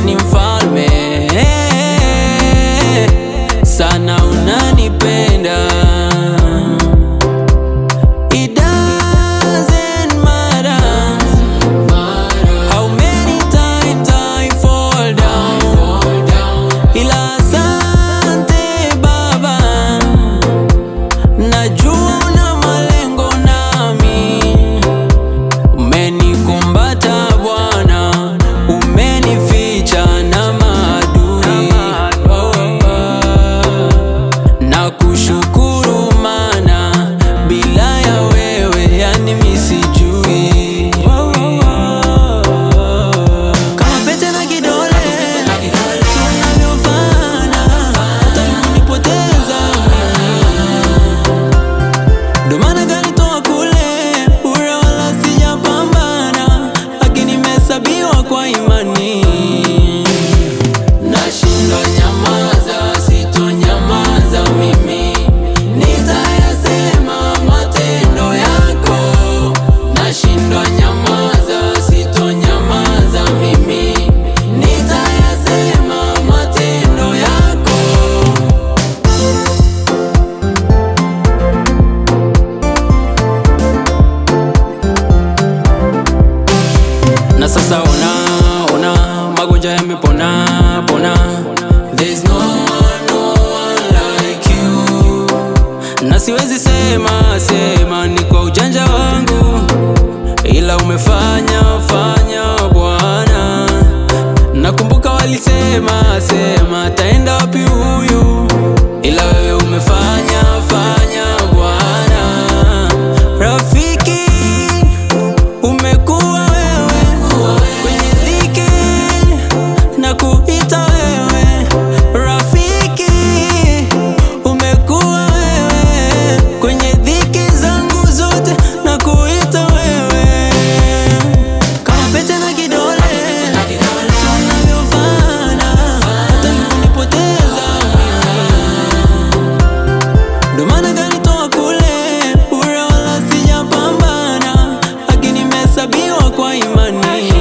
venir me Now na sasa ona ona, magonjwa yamepona pona. There's no one, no one like you. Na siwezi sema sema ni kwa ujanja wangu, ila umefanya fanya Bwana. Nakumbuka walisema sema kwa imani